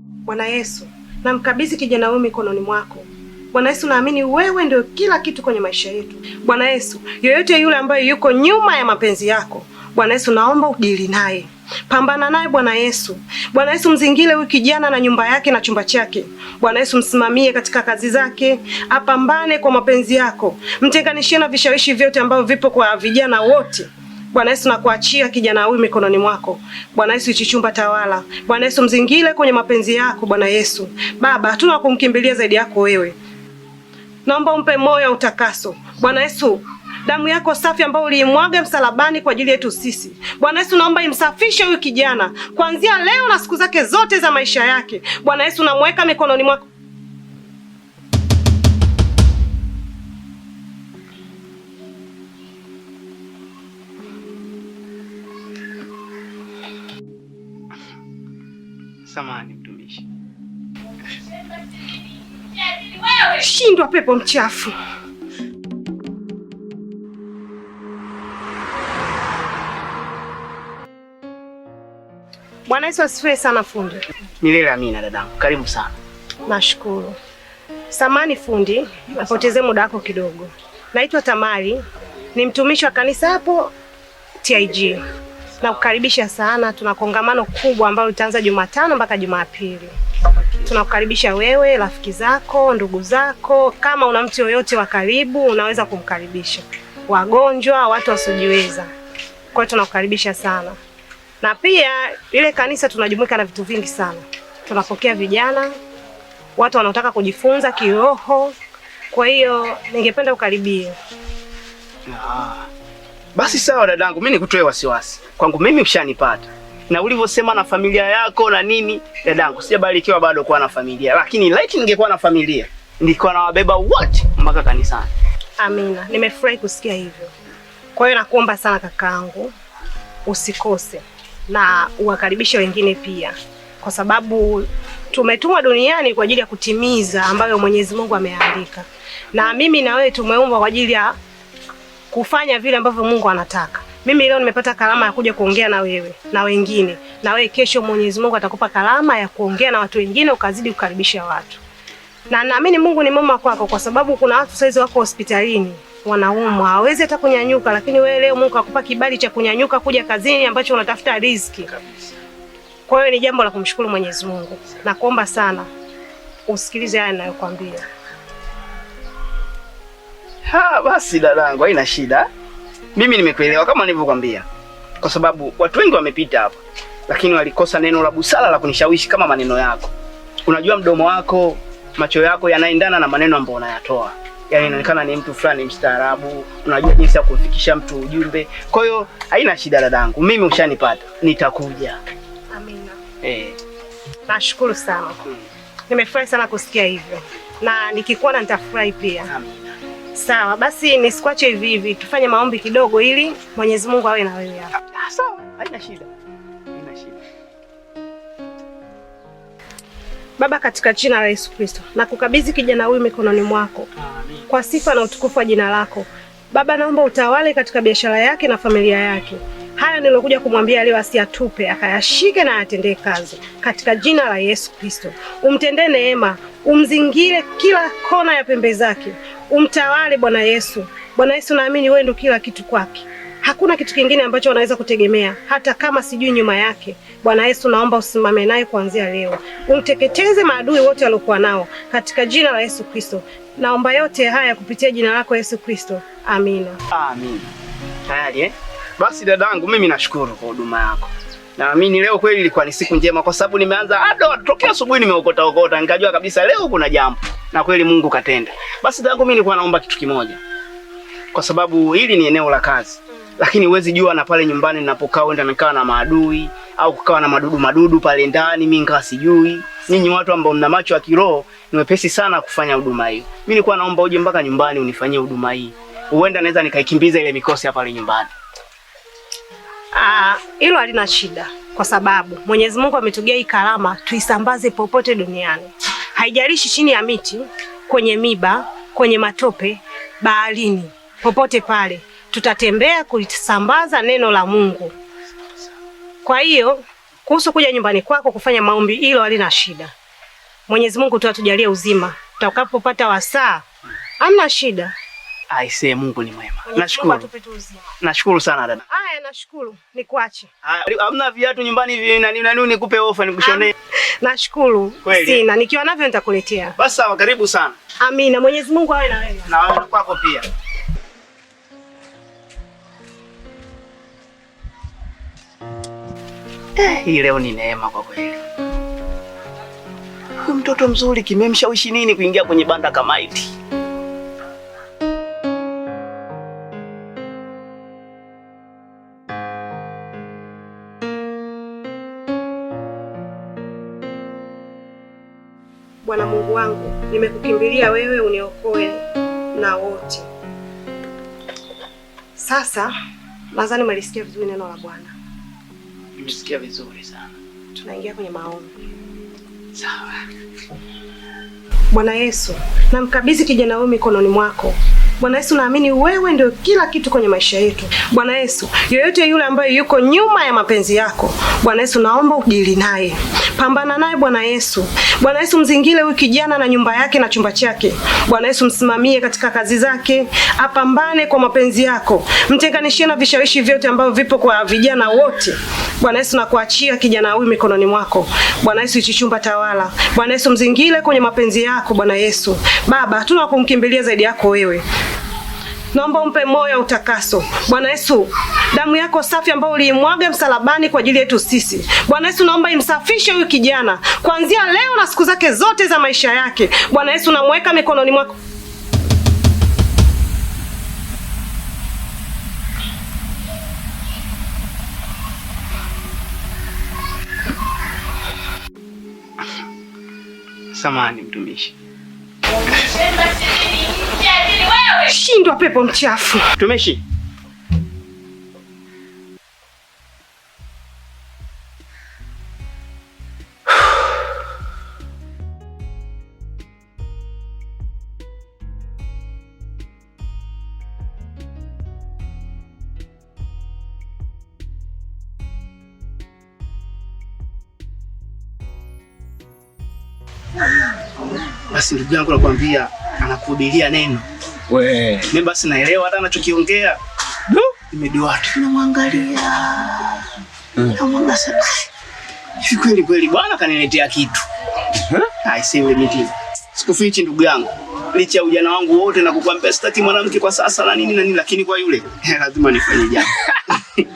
Bwana Yesu, namkabidhi kijana huyu mikononi mwako. Bwana Yesu, naamini wewe ndio kila kitu kwenye maisha yetu. Bwana Yesu, yoyote yule ambaye yuko nyuma ya mapenzi yako, Bwana Yesu, naomba udili naye, pambana naye Bwana Yesu. Bwana Yesu, mzingile huyu kijana na nyumba yake na chumba chake. Bwana Yesu, msimamie katika kazi zake, apambane kwa mapenzi yako, mtenganishie na vishawishi vyote ambavyo vipo kwa vijana wote Bwana Yesu nakuachia kijana huyu mikononi mwako. Bwana Yesu ichichumba tawala. Bwana Yesu mzingile kwenye mapenzi yako Bwana Yesu. Baba, hatuna kumkimbilia zaidi yako wewe. Naomba umpe moyo utakaso. Bwana Yesu, damu yako safi ambayo uliimwaga msalabani kwa ajili yetu sisi. Bwana Yesu naomba imsafishe huyu kijana kuanzia leo na siku zake zote za maisha yake. Bwana Yesu namweka mikononi mwako. Samani mtumishi, shindwa pepo mchafu. Bwana Yesu asifiwe sana fundi. Milele amina dadangu, karibu sana. Nashukuru. Samani fundi, napoteze muda wako kidogo. Naitwa Tamari, ni mtumishi wa kanisa hapo TIG. Nakukaribisha sana. Tuna kongamano kubwa ambalo litaanza Jumatano mpaka Jumapili. Tunakukaribisha wewe, rafiki zako, ndugu zako, kama una mtu yoyote wa karibu unaweza kumkaribisha, wagonjwa, watu wasiojiweza. Kwa hiyo tunakukaribisha sana, na pia ile kanisa tunajumuika na vitu vingi sana. Tunapokea vijana, watu wanaotaka kujifunza kiroho. Kwa hiyo ningependa ukaribie. Ah. Basi sawa dadangu, mimi nikutoe wasiwasi. Kwangu mimi ushanipata. Na ulivyosema na familia yako na nini, dadangu, sijabarikiwa bado kuwa na familia. Lakini laiti ningekuwa na familia, nilikuwa nawabeba wote mpaka kanisani. Amina, nimefurahi kusikia hivyo. Kwa hiyo nakuomba sana kakaangu, usikose na uwakaribishe wengine pia, kwa sababu tumetumwa duniani kwa ajili ya kutimiza ambayo Mwenyezi Mungu ameandika, na mimi na wewe tumeumbwa kwa ajili ya kufanya vile ambavyo Mungu anataka. Mimi leo nimepata karama ya kuja kuongea na wewe na wengine, na wewe kesho Mwenyezi Mungu atakupa karama ya kuongea na watu wengine, ukazidi kukaribisha watu, na naamini Mungu ni mama kwako, kwa sababu kuna watu saizi wako hospitalini wanaumwa, hawezi hata kunyanyuka, lakini wewe leo Mungu akupa kibali cha kunyanyuka kuja kazini ambacho unatafuta riziki. Kwa hiyo ni jambo la kumshukuru Mwenyezi Mungu Nakuomba sana usikilize haya ninayokuambia. Ha, basi dadangu, haina shida. Mimi nimekuelewa kama nilivyokwambia, kwa sababu watu wengi wamepita hapa, lakini walikosa neno la busara la kunishawishi kama maneno yako. Unajua, mdomo wako, macho yako yanaendana na maneno ambayo unayatoa, yaani inaonekana ni mtu fulani mstaarabu, unajua jinsi ya kumfikisha mtu ujumbe. Kwa hiyo haina shida dadangu, mimi ushanipata, nitakuja. Amina. Eh, nashukuru sana, hmm. nimefurahi sana kusikia hivyo, na nikikuona nitafurahi pia. Amina. Sawa basi, nisikuache hivi hivi, tufanye maombi kidogo, ili Mwenyezi Mungu awe na wewe hapa. Ah, sawa, haina shida, haina shida. Baba, katika jina la Yesu Kristo na kukabidhi kijana huyu mikononi mwako. Amen. Kwa sifa na utukufu wa jina lako Baba, naomba utawale katika biashara yake na familia yake. Haya nilokuja kumwambia leo asiyatupe, akayashike na atendee kazi katika jina la Yesu Kristo. Umtendee neema, umzingire kila kona ya pembe zake umtawale Bwana Yesu. Bwana Yesu, naamini wewe ndio kila kitu kwake, hakuna kitu kingine ambacho wanaweza kutegemea, hata kama sijui nyuma yake. Bwana Yesu, naomba usimame naye kuanzia leo, umteketeze maadui wote waliokuwa nao, katika jina la Yesu Kristo. Naomba yote haya kupitia jina lako Yesu Kristo, amina. Amina. Tayari eh? Basi dadangu, mimi nashukuru kwa huduma yako. Naamini leo kweli ilikuwa ni siku njema kwa sababu nimeanza ado tokea asubuhi nimeokota okota, nikajua kabisa leo kuna jambo. Na kweli Mungu katenda. Basi dangu mimi nilikuwa naomba kitu kimoja. Kwa sababu hili ni eneo la kazi. Lakini huwezi jua na pale nyumbani ninapokaa wenda nikaa na maadui au kukawa na madudu madudu pale ndani, mimi ngawa sijui. Ninyi watu ambao mna macho ya kiroho ni wepesi sana kufanya huduma hii. Mimi nilikuwa naomba uje mpaka nyumbani unifanyie huduma hii. Huenda naweza nikaikimbiza ile mikosi hapa pale nyumbani. Ah, hilo halina shida, kwa sababu Mwenyezi Mungu ametugia hii karama tuisambaze popote duniani, haijalishi chini ya miti, kwenye miba, kwenye matope, baharini, popote pale tutatembea kulisambaza neno la Mungu. Kwa hiyo kuhusu kuja nyumbani kwako kufanya maombi, hilo halina shida. Mwenyezi Mungu tu atujalie uzima, tutakapopata wasaa, hamna shida. Aise, Mungu ni mwema. Nashukuru. Nashukuru sana dada. Haya, nashukuru. Nikuache. Hamna viatu nyumbani hivi na nani nikupe ofa nikushonee. Nashukuru. Sina, nikiwa navyo nitakuletea. Basi sawa, karibu sana. Amina. Mwenyezi Mungu awe na wewe. Na wewe na kwako pia. Eh, hii leo ni neema kwa kweli. Huyu mtoto mzuri kimemshawishi nini kuingia kwenye banda kama hili? Bwana Mungu wangu, nimekukimbilia wewe uniokoe na wote. Sasa nadhani umelisikia vizuri neno la Bwana. Nimesikia vizuri sana. Tunaingia kwenye maombi. Sawa. Bwana Yesu, namkabidhi kijana huyu mikononi mwako. Bwana Yesu, naamini wewe ndio kila kitu kwenye maisha yetu. Bwana Yesu, yoyote yule ambaye yuko nyuma ya mapenzi yako Bwana Yesu, naomba udili naye, pambana naye Bwana Yesu. Bwana Yesu, mzingile huyu kijana na nyumba yake na chumba chake. Bwana Yesu, msimamie katika kazi zake, apambane kwa mapenzi yako, mtenganishie na vishawishi vyote ambavyo vipo kwa vijana wote. Bwana Yesu, nakuachia kijana huyu mikononi mwako. Bwana Yesu, hichi chumba tawala. Bwana Yesu, mzingile kwenye mapenzi yako Bwana Yesu. Baba, hatuna kumkimbilia zaidi yako wewe. Naomba umpe moyo utakaso. Bwana Yesu, damu yako safi ambayo uliimwaga msalabani kwa ajili yetu sisi. Bwana Yesu, naomba imsafishe huyu kijana kuanzia leo na siku zake zote za maisha yake. Bwana Yesu, namweka mikononi mwako. Samahani mtumishi. Shindwa pepo mchafu. Tumeshi. Basi ndugu yangu nakwambia, anakuhubiria neno mimi basi naelewa hata anachokiongea. Ndio. No? tu Namwangalia. Mm. Namwangalia sana. Hivi kweli kweli bwana kaniletea kitu. Eh? Huh? Aisewe mimi. Sikufichi ndugu yangu. Licha ya ujana wangu wote na kukwambia sitaki mwanamke kwa sasa na nini na nini, lakini kwa yule lazima nifanye jambo.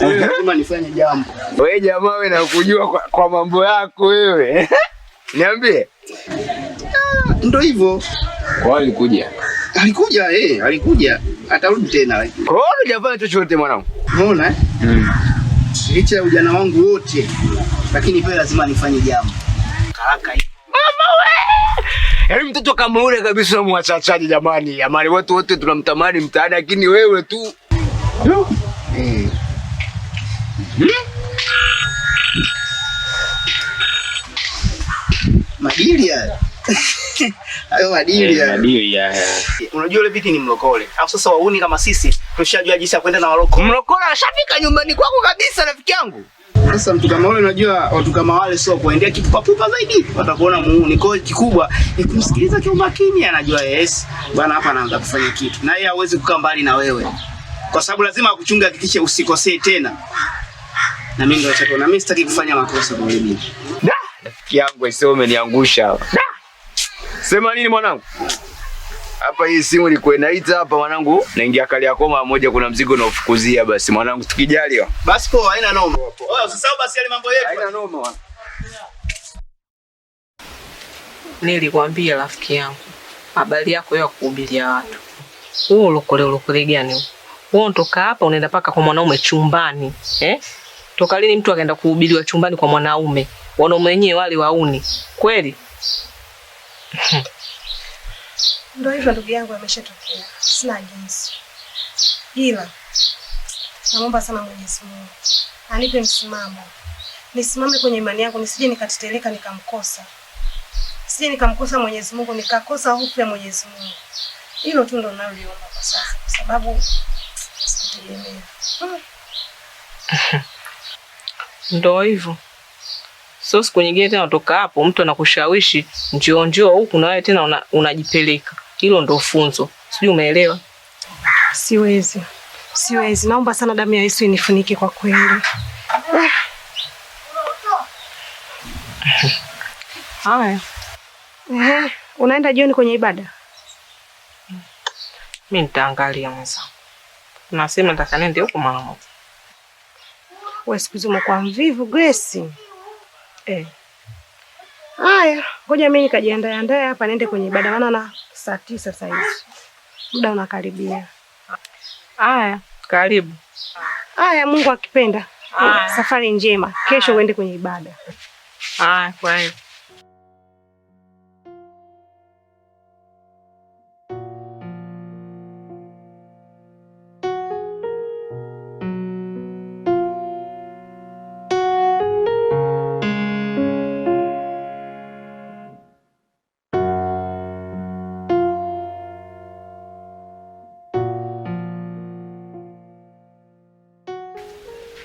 Eh, lazima nifanye jambo. Wewe jamaa, wewe nakujua kwa, kwa mambo yako wewe. Niambie. Ah, Ndio hivyo. Wao alikuja. Alikuja eh, alikuja. Atarudi tena Kwa hiyo hujafanya chochote mwanangu. Unaona eh? Mm. Licha ya ujana wangu wote lakini pia lazima nifanye jambo. Kaka. Mama we! Yaani mtoto kama ule kabisa mwachachaji jamani. Jamani watu wote tunamtamani mtaani lakini wewe tu. Yo. Eh. Hmm? Madili haya. Hayo madili ya. Madili ya. Unajua yule viti ni mlokole. Au sasa wauni kama sisi tushajua jinsi ya kwenda na waloko. Mlokole ashafika nyumbani kwako kabisa rafiki yangu. Sasa mtu kama yule unajua watu kama wale sio kuendea kipupapupa zaidi. Watakuona muuni kwa kikubwa ni kumsikiliza kwa umakini anajua yes. Bwana hapa anaanza kufanya kitu. Na yeye hawezi kukaa mbali na wewe. Kwa sababu lazima akuchunge hakikishe usikosee tena. Na mimi ndio na Mimi sitaki kufanya makosa kwa mimi. Da, rafiki yangu isio umeniangusha. Da. Sema nini mwanangu? Hapa hii simu ilikuwa inaita hapa mwanangu, naingia kali yako mara moja, kuna mzigo naofukuzia Basi mwanangu, tukijaliwa basi poa, haina noma. Wewe oh, sasa basi yale mambo yetu, haina noma. Nilikwambia rafiki yangu, habari yako ya kuhubiria watu. Wewe ulokole ulokole gani? Wewe unatoka hapa unaenda paka kwa mwanaume chumbani eh? Toka lini mtu akaenda kuhubiriwa chumbani kwa mwanaume? Wanaume wenyewe wale wauni kweli? Ndio hivyo ndugu yangu, ameshatokea, sina jinsi, ila namwomba sana Mwenyezi Mungu anipe msimamo, nisimame kwenye imani yangu, nisije nikateteleka nikamkosa, sije nikamkosa Mwenyezi Mungu, nikakosa hofu ya Mwenyezi Mungu. Hilo tu ndo ninaloliomba kwa sasa, kwa sababu sikutegemea. Hmm. Ndio hivyo. So siku nyingine tena utoka hapo, mtu anakushawishi njoo njoo huku, na wewe tena unajipeleka. Una hilo ndo funzo, sijui umeelewa? Siwezi, siwezi, naomba sana damu ya Yesu inifunike kwa kweli. Haya, unaenda jioni kwenye ibada? Mi nitaangalia mwenzangu, nasema nataka huko mara moja. Wewe siku kwa mvivu Grace. Eh. Haya, ngoja mimi nikajiandae andae hapa niende kwenye ibada maana na saa tisa saa hizi. Muda unakaribia. Haya, karibu. Haya, Mungu akipenda. Safari njema. Kesho uende kwenye ibada. Haya, kwa hiyo.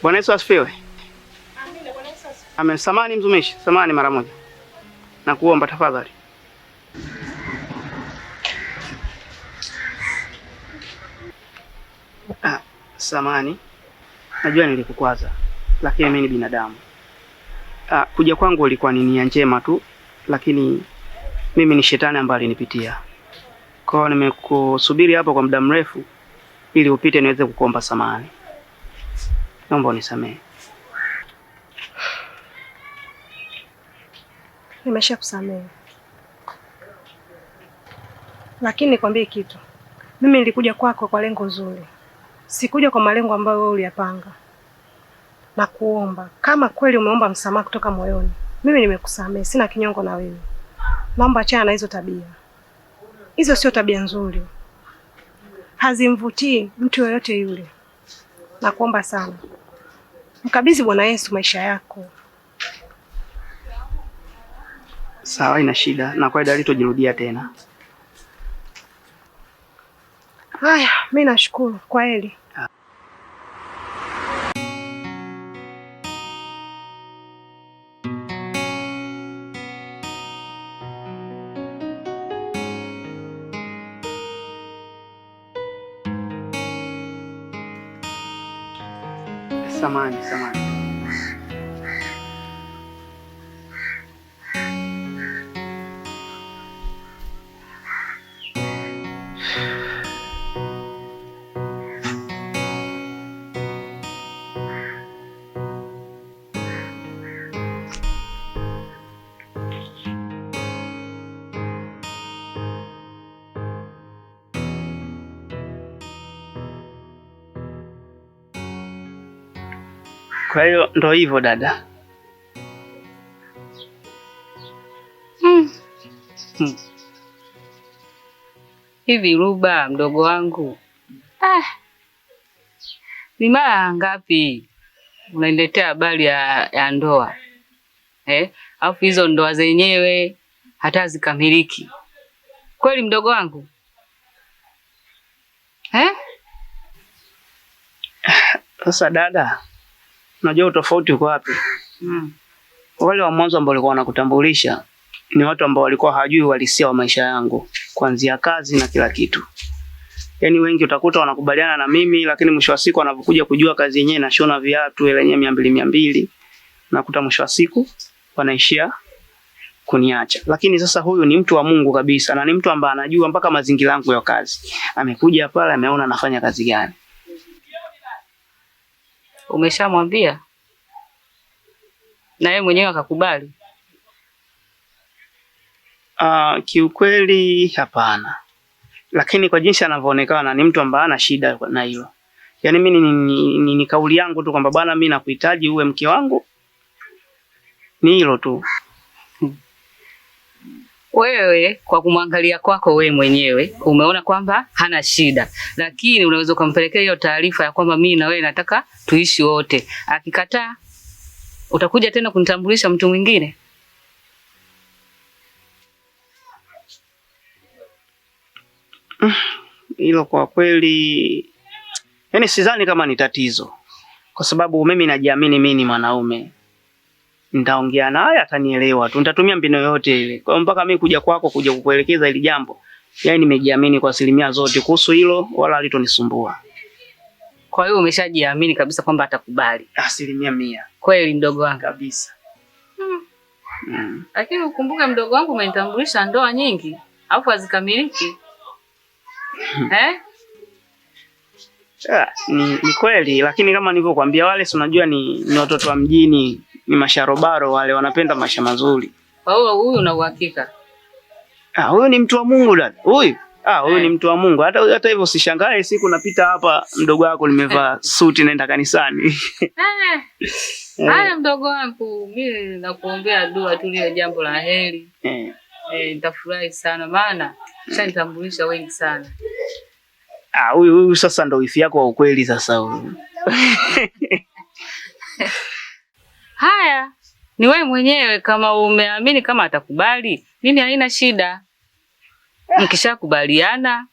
Bwana Yesu asifiwe. Amina, Bwana Yesu asifiwe. Amen. Samani mzumishi, samani mara moja. Nakuomba tafadhali. Ah, samani. Najua nilikukwaza, lakini mimi ni binadamu. Ah, kuja kwangu ilikuwa ni nia njema tu, lakini mimi ni shetani ambaye alinipitia. Kwa hiyo nimekusubiri hapo kwa muda mrefu ili upite niweze kukuomba samani naomba unisamehe. Nimesha kusamehe, lakini nikwambie kitu, mimi nilikuja kwako kwa, lengo zuri, sikuja kwa malengo ambayo wewe uliyapanga. Na kuomba kama kweli umeomba msamaha kutoka moyoni, mimi nimekusamehe, sina kinyongo na wewe. Naomba achana na hizo tabia, hizo sio tabia nzuri, hazimvutii mtu yoyote yule. Nakuomba sana. Mkabidhi Bwana Yesu maisha yako. Sawa, ina shida na kawaida alitojirudia tena. Haya, mimi nashukuru kwa heri. समान समान Kwa hiyo ndo hivyo dada. Hmm. Hmm. Hivi Ruba mdogo wangu, ah, ni mara ngapi unaniletea habari ya, ya ndoa eh? Alafu hizo ndoa zenyewe hata zikamiliki kweli mdogo wangu eh? Sasa dada Unajua utofauti uko wapi? Mm. Wale wa mwanzo ambao walikuwa wanakutambulisha ni watu ambao walikuwa hawajui uhalisia wa maisha yangu, kuanzia kazi na kila kitu. Yaani wengi utakuta wanakubaliana na mimi, lakini mwisho wa siku wanapokuja kujua kazi yenyewe nashona viatu ile yenyewe mia mbili mia mbili, nakuta mwisho wa siku wanaishia kuniacha. Lakini sasa huyu ni mtu wa Mungu kabisa na ni mtu ambaye anajua mpaka mazingira yangu ya kazi. Amekuja pale ameona nafanya kazi gani. Umeshamwambia na yeye mwenyewe akakubali? Uh, kiukweli hapana, lakini kwa jinsi anavyoonekana ni mtu ambaye ana shida na hilo. Yaani mimi ni, ni, ni, ni kauli yangu tu kwamba bwana, mimi nakuhitaji uwe mke wangu, ni hilo tu. Wewe kwa kumwangalia kwako wewe mwenyewe umeona kwamba hana shida, lakini unaweza ukampelekea hiyo taarifa ya kwamba mimi na wewe nataka tuishi wote. Akikataa utakuja tena kunitambulisha mtu mwingine. Hilo kwa kweli, yani sidhani kama ni tatizo, kwa sababu mimi najiamini, mimi ni mwanaume nitaongea naye atanielewa tu, nitatumia mbinu yoyote ile. Kwa hiyo mpaka mimi kuja kwako kuja kukuelekeza ili jambo, yani nimejiamini kwa asilimia zote kuhusu hilo, wala halitonisumbua. Kwa hiyo umeshajiamini kabisa kwamba atakubali asilimia mia? Kweli mdogo wangu kabisa. hmm. hmm. Lakini ukumbuke mdogo wangu, umenitambulisha ndoa nyingi alafu hazikamiliki. Hmm. eh? Ah, ni, ni kweli, lakini kama nilivyokuambia wale si unajua ni, ni watoto wa mjini ni masharobaro wale, wanapenda maisha mazuri. Kwa hiyo huyu una uhakika? Ah, huyu ni mtu wa Mungu dada. Huyu ah, huyu eh. ni mtu wa Mungu. Hata hata hivyo usishangae siku napita hapa mdogo wako nimevaa suti naenda kanisani. Eh. eh. Haya mdogo wangu, mimi nakuombea dua tu lile jambo la heri. Eh. Eh, nitafurahi sana maana sasa nitambulisha wengi sana. Ah, huyu huyu sasa ndio wifi yako wa ukweli sasa huyu. Haya, ni wewe mwenyewe kama umeamini kama atakubali, mimi haina shida. Eh. Mkishakubaliana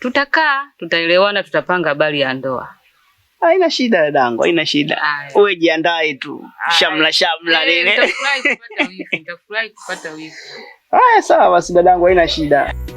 tutakaa, tutaelewana, tutapanga habari ya ndoa. Haina shida dadangu, haina shida. Wewe jiandae tu. Shamla shamla eh, nini. kupata wifi, Haya sawa basi dadangu, haina shida.